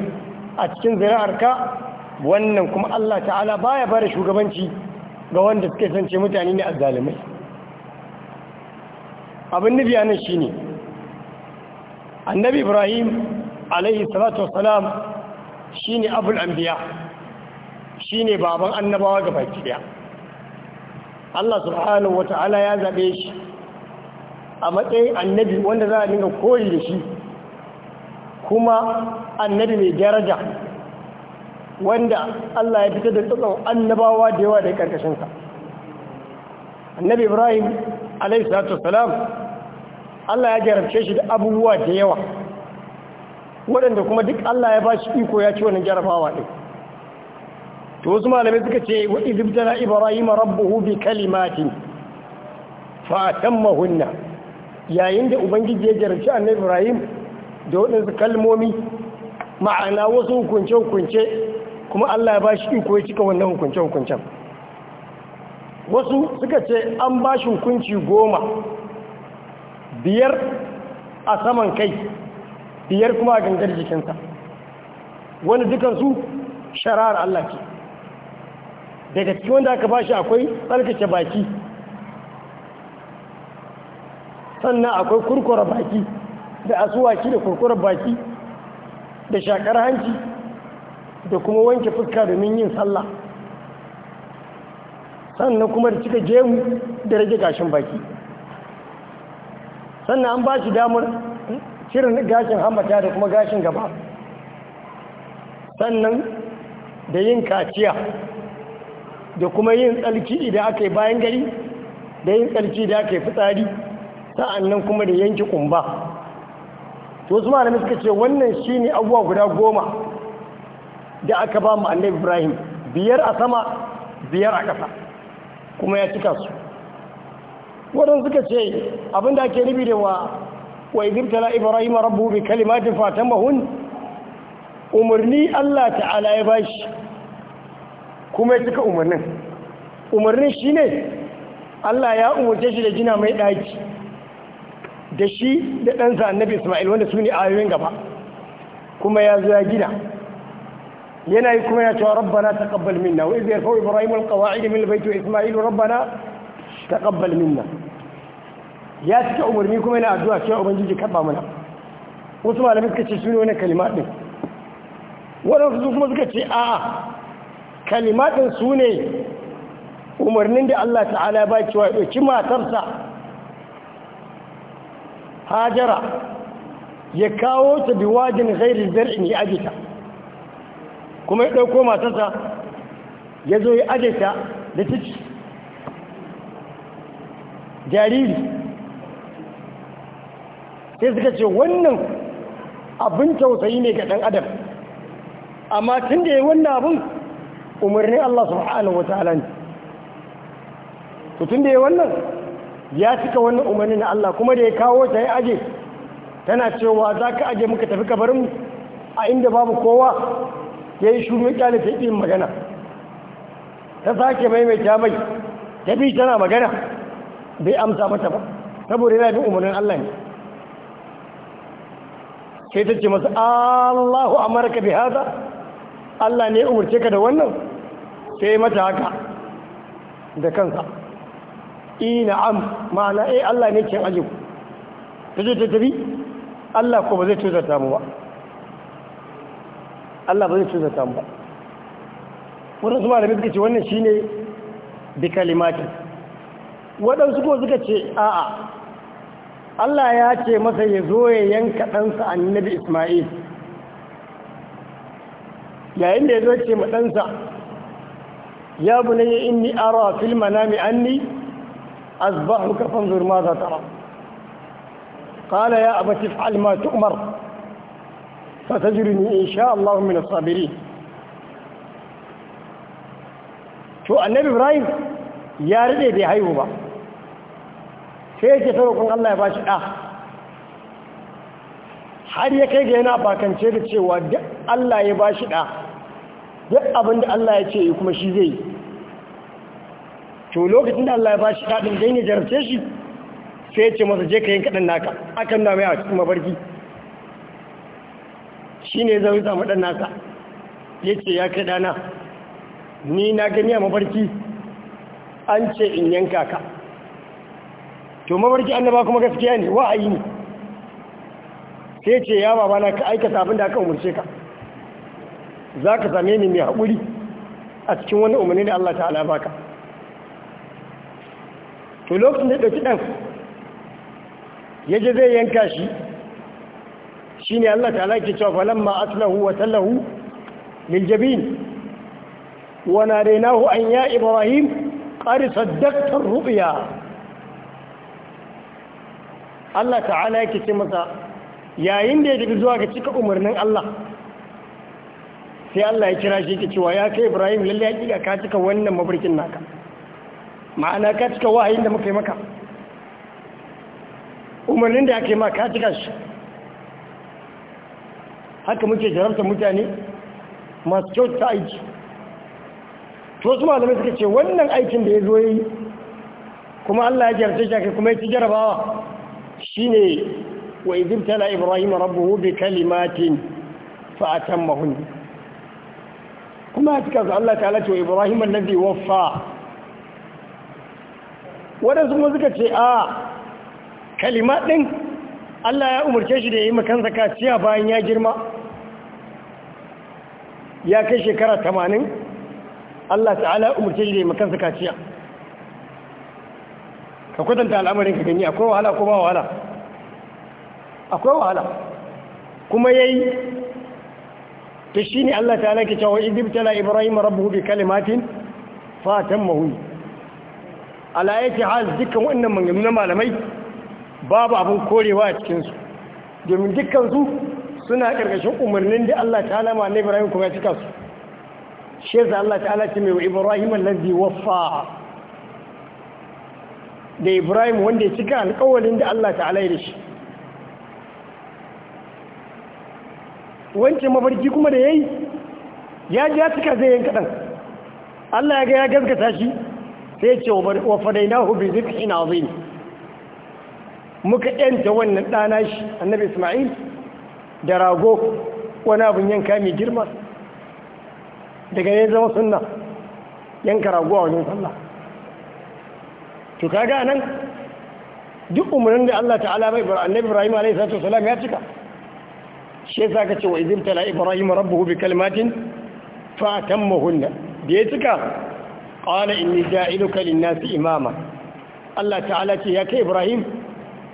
a cikin ka wannan kuma Allah ta'ala baya ba da shugabanci ga wanda suke sance mutane ne a zalimai abin nufi a nan shi ne annabi ibrahim alaihi salatu wasalam shi ne abul shi ne baban annabawa ga baki daya Allah subhanahu wa ta'ala ya zaɓe shi a matsayin annabi wanda za a dinga kori da shi kuma annabi mai daraja wanda Allah ya fitar da tsotson annabawa da yawa da karkashinsa annabi ibrahim alaihissalatu salam Allah ya jarabce shi da abubuwa da yawa waɗanda kuma duk Allah ya ba shi iko ya ci wani jarabawa ɗin to wasu malamai suka ce wa izibtana ibrahim rabbuhu bi kalimatin fa mahunna. yayin da ubangiji ya jarabci annabi ibrahim da waɗansu kalmomi ma'ana wasu hukunce-hukunce kuma Allah ya ba shi iko ya cika wannan hukunce-hukuncen wasu suka ce an ba shi hukunci goma biyar a saman kai biyar kuma a gangar jikinsa wani dukansu shara'ar Allah ce daga cikin wanda aka ba shi akwai tsarkace baki sannan akwai kurkura baki da asuwaki da kurkurar baki da shakar hanci da kuma wanke fuska domin yin sallah sannan kuma da cika gemu da rage gashin baki sannan an ba shi damar cire gashin hamata da kuma gashin gaba sannan da yin kaciya da kuma yin tsalki idan aka yi bayan gari da yin tsalki da aka yi fitsari sa'annan kuma da yanki kumba to wasu malamai suka ce wannan shi ne abuwa guda goma da aka ba mu annabi ibrahim biyar a sama biyar a ƙasa kuma ya cika su wadanda suka ce abinda ake nufi da wa wa la ibrahim rabbuhu bi kalimatin fatan mahun umarni Allah ta'ala ya bashi kuma ya cika umarnin umarnin shine Allah ya umarce shi da jina mai ɗaki da shi da ɗansa annabi ismail wanda su ne a yawin gaba kuma ya zo ya gina yana yi kuma ya cewa rabbana ƙabbal minna wa izai kawai ibrahim alqawa'id min albayt wa isma'il rabbana ƙabbal minna ya cika umarni kuma yana addu'a cewa ubangiji kaɓa mana wasu malamai suka ce su ne wani kalimatin, din waɗansu su kuma suka ce a'a kalimatin su ne umarnin da Allah ta'ala ba cewa ya ɗauki matarsa hajara ya kawo ta biwajin zai zai ya ajita kuma ya ɗauko matasa ya zo ya ajita da ciki jariri sai suka ce wannan abin tausayi ne ga ɗan adam amma tun da ya wannan abin umarni Allah su wa ta'ala ne tun da ya wannan ya cika wannan umarni na Allah kuma da ya kawo ta ya aje tana cewa za ka aje muka tafi kabarin a inda babu kowa ya yi shuru ya kyale ta yi magana ta sake maimaita mai ta bi tana magana bai amsa mata ba saboda yana bin umarnin Allah ne sai ta ce masa Allahu amarka bi haza Allah ne umarce ka da wannan sai mata haka da kansa ina eh, am ma'ana eh Allah ne kin aje ku ta je ta tafi Allah ko ba zai tuzata mu ba Allah ba zai tuzata mu ba wannan kuma malami suka ce wannan shine bi kalimati waɗansu ko suka ce a'a Allah ya ce masa ya zo ya yanka ɗansa annabi Ismail yayin da ya zo ce ma ɗansa ya bunayya inni ara fil manami anni أصبحك فانظر ماذا ترى قال يا أبت افعل ما تؤمر فتجرني إن شاء الله من الصابرين to annabi ibrahim ya rade bai haihu ba sai yake ta roƙon allah ya har ya kai ga yana bakance da cewa duk allah ya bashi da. ɗa abin abinda allah ya ce kuma shi zai yi to lokacin da Allah ya bashi ɗaɗin dan ya jarabce shi sai ya ce masa je ka yin kaɗan naka akan na mai a cikin mafarki shi ne zai samu ɗan naka ya ce ya kai ɗana ni na gani a mafarki an ce in yanka ka to mafarki annaba kuma gaskiya ne wa'ayi ne sai ce ya baba na ka aikata abin da aka umarce ka za ka same ni mai haƙuri a cikin wani umarni da Allah ta'ala baka to lokacin da ɗauki ɗan ya ji zai yanka shi shi ne Allah ta alaƙi cewa falon ma aslahu wa tallahu liljabin wana dainahu an ya ibrahim ƙari saddaktar ruɓiya Allah ta'ala alaƙi ce masa yayin da ya tafi zuwa ga cika umarnin Allah sai Allah ya kira shi ke cewa ya kai Ibrahim lalle ya kika ka cika wannan mafarkin naka ma'ana ka cika wahayin da muka yi maka umarnin da ake maka ka cika shi haka muke jarabta mutane masu kyauta aiki to su malamai suka ce wannan aikin da ya zo yi kuma Allah ya jarabta shi ake kuma ya ci jarabawa ne wa izin tala ibrahim rabu hube kalimatin fa'atan mahun. kuma cika su Allah ta ce wa ibrahim annabi waffa waɗansu kuma suka ce a kalima ɗin Allah ya umarce shi da ya yi makansa kaciya bayan ya girma ya kai shekara tamanin Allah ta'ala ya umarce shi da ya yi makansa kaciya ka kwatanta al'amarin ka gani akwai wahala ko ba wahala akwai wahala kuma ya yayi ta ne Allah ta'ala ke cewa idibtala ibrahim rabbuhu bi kalimatin fatan mahuyi. ala hal dukkan wannan manganu na malamai babu abin korewa a cikinsu domin dukkansu suna ƙarƙashin umarnin da Allah ta halama na Ibrahim kuma cika su shi yasa Allah ta'ala ce mai wa Ibrahim allazi waffa da Ibrahim wanda ya cika alƙawarin da Allah ta'ala ya da shi wancan mafarki kuma da yayi ya ji ya cika zai yanka dan Allah ya ga ya gaskata shi sai ce wa fadainahu bi zikhin azim muka yanta wannan ɗana shi annabi isma'il da rago wani abin yanka mai girma daga ne zama sunna yanka rago a wajen sallah to gana nan duk umarnin da Allah ta'ala bai bar annabi Ibrahim alaihi salam ya cika shi yasa ka ce wa izibtala ibrahim rabbuhu bi Kalmatin fa hunna da ya cika qala inni ja'iluka lin imama Allah ta'ala ce ya kai Ibrahim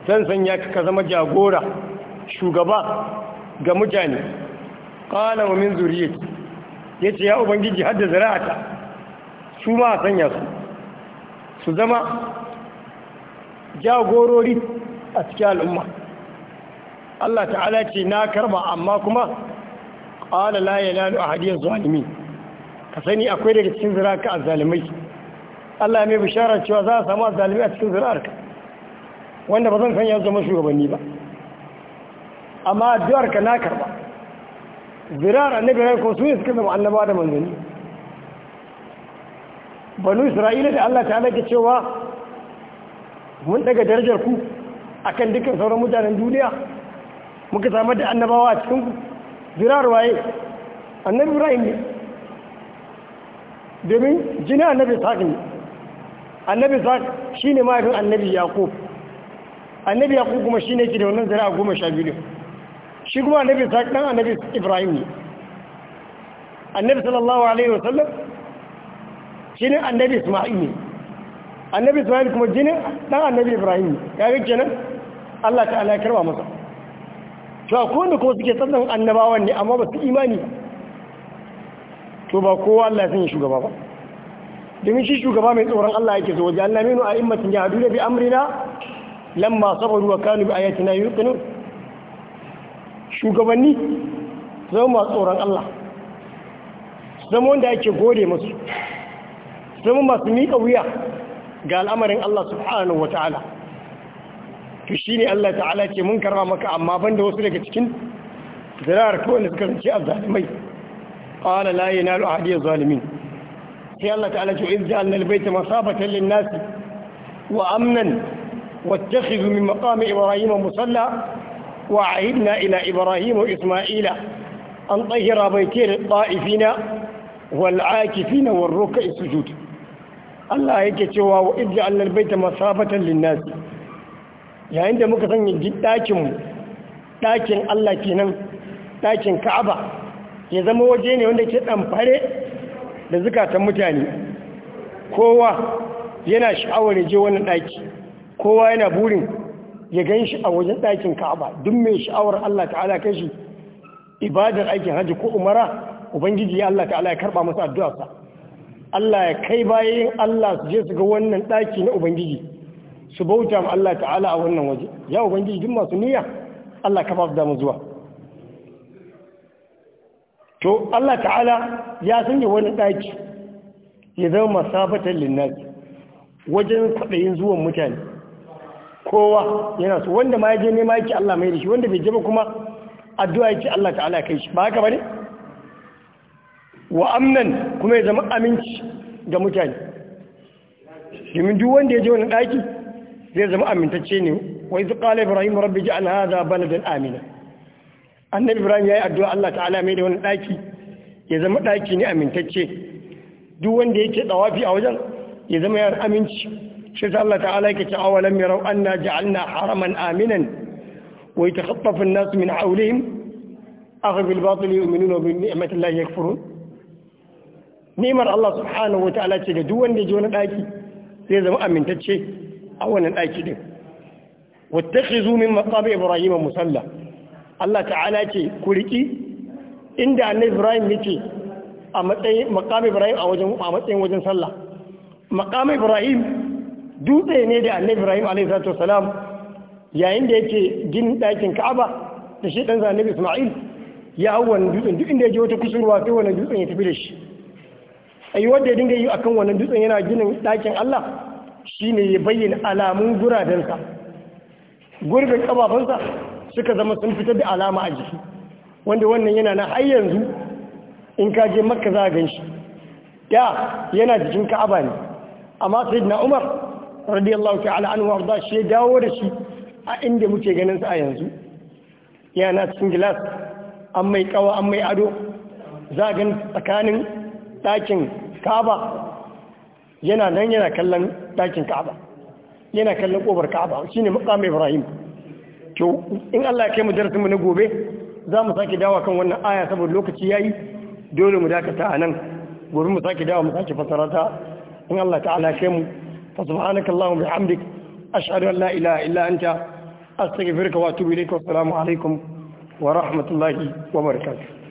zan sanya ka ka zama jagora shugaba ga mutane qala wa min ya yace ya ubangiji hadda zara'ata su ma sanya su su zama jagorori a cikin al'umma Allah ta'ala ce na karba amma kuma ƙala la hadiyar ahadiyaz zalimin ka sani akwai daga cikin zirarka zalimai Allah ya mai bishara cewa za a samu a zalimai a cikin zirarka wanda ba zan san ya zama shugabanni ba amma addu'ar ka na karba zirar annabi rai ko su ne suka zama annaba da manzanni banu isra'ila da Allah ta halaka cewa mun daga darajar ku akan dukkan sauran mutanen duniya muka samar da annabawa a cikin ku zirar waye annabi rai ne domin jini annabi saq ne annabi shi shine mahaifin annabi yaqub annabi yaqub kuma shine ke da wannan zuri'a goma sha biyu shi kuma annabi saq dan annabi ibrahim ne annabi sallallahu alaihi wasallam ne annabi isma'il ne annabi isma'il kuma jini dan annabi ibrahim ne ya ga kenan Allah ta'ala ya karba masa to akwai wanda kuma suke tsannan annabawan ne amma ba su imani ba to ba kowa Allah ya sanya shugaba ba domin shi shugaba mai tsoron Allah yake so wajen minu a immatin ya hadu da bi amrina lamma sabaru wa kanu bi ayatina yuqinu shugabanni zama masu tsoron Allah zama wanda yake gode musu zama masu miƙa wuya ga al'amarin Allah subhanahu wa ta'ala to shi ne Allah ta'ala ce mun karba maka amma banda wasu daga cikin zirar kowane da suka zance a zalimai qala la yanalu ahdi zalimin sai Allah ta'ala ce iz ja'alna al-bayta masabatan lin wa amnan wattakhidhu min maqami ibrahima musalla wa ahidna ila ibrahima wa isma'ila an tahira bayti lit-ta'ifina wal-aakifina war-ruk'i sujud Allah yake cewa wa iz ja'alna al-bayta masabatan lin yayin da muka sanya dakin mu dakin Allah kenan dakin Ka'aba ya zama waje ne wanda ke fare da zukatan mutane kowa yana sha'awar je wani ɗaki kowa yana burin ya gan shi a wajen ɗakin ka'aba duk mai sha'awar Allah ta'ala kai shi ibadar aikin hajji ko umara ubangiji Allah ta'ala ya karɓa masa sa Allah ya kai bayan Allah su je su ga wannan ɗaki na ubangiji su bauta ma Allah ta'ala a wannan waje ya ubangiji duk masu niyya Allah ka ba su zuwa to Allah ta'ala ya sanya wani ɗaki ya zama masabatan linnas wajen kwaɗayin zuwan mutane kowa yana so wanda ma ya je nema yake Allah mai da shi wanda bai jaba kuma addu'a yake Allah ta'ala kai shi ba haka bane wa amnan kuma ya zama aminci ga mutane domin duk wanda ya je wani ɗaki zai zama amintacce ne wai iz ibrahim rabbi ja'al hada baladan amina annabi ibrahim ya yi addu'a allah ta'ala mai da wani ɗaki ya zama ɗaki ne amintacce duk wanda yake tsawafi a wajen ya zama yar aminci shi ta allah ta'ala yake ce awalan yarau na ja'alna haraman aminan wa yatakhaffafu an-nas min hawlihim afabil batil yu'minuna bi ni'mati llahi yakfurun ni'mar allah subhanahu wa ta'ala ce ga duk wanda ya je wani ɗaki zai zama amintacce a wannan ɗaki din واتخذوا من مقام إبراهيم مصلى Allah ta'ala ce ku riki inda annabi Ibrahim yake a matsayin maqam Ibrahim a wajen a matsayin wajen sallah maqam Ibrahim dutse ne da annabi Ibrahim alaihi salatu wasalam yayin da yake gin dakin Ka'aba da shi dan annabi Isma'il ya hau wannan dutsen duk inda ya wata kusurwa sai wannan dutsen ya tafi da shi ai wanda ya dinga yi akan wannan dutsen yana ginin dakin Allah shine ya bayyana alamun guradansa gurbin kafafunsa suka zama sun fitar da alama a jiki wanda wannan yana na har yanzu in ka je makka za a gan shi da yana jikin ka'aba ne amma na umar radiyallahu ta'ala anhu warda shi dawo da shi a inda muke ganin sa a yanzu yana cikin gilas an mai kawa an mai ado za gan tsakanin ɗakin ka'aba yana nan yana kallon ɗakin ka'aba yana kallon ƙofar ka'aba shine muqam ibrahim to in Allah ya kai mu darasin mu na gobe za mu sake dawa kan wannan aya saboda lokaci yayi dole mu dakata anan gobe mu sake dawa mu sake fasara ta in Allah ta'ala ya kai mu fa subhanaka allahumma bihamdik ashhadu an la ilaha illa anta astaghfiruka wa atubu ilaik wa assalamu alaikum wa rahmatullahi wa barakatuh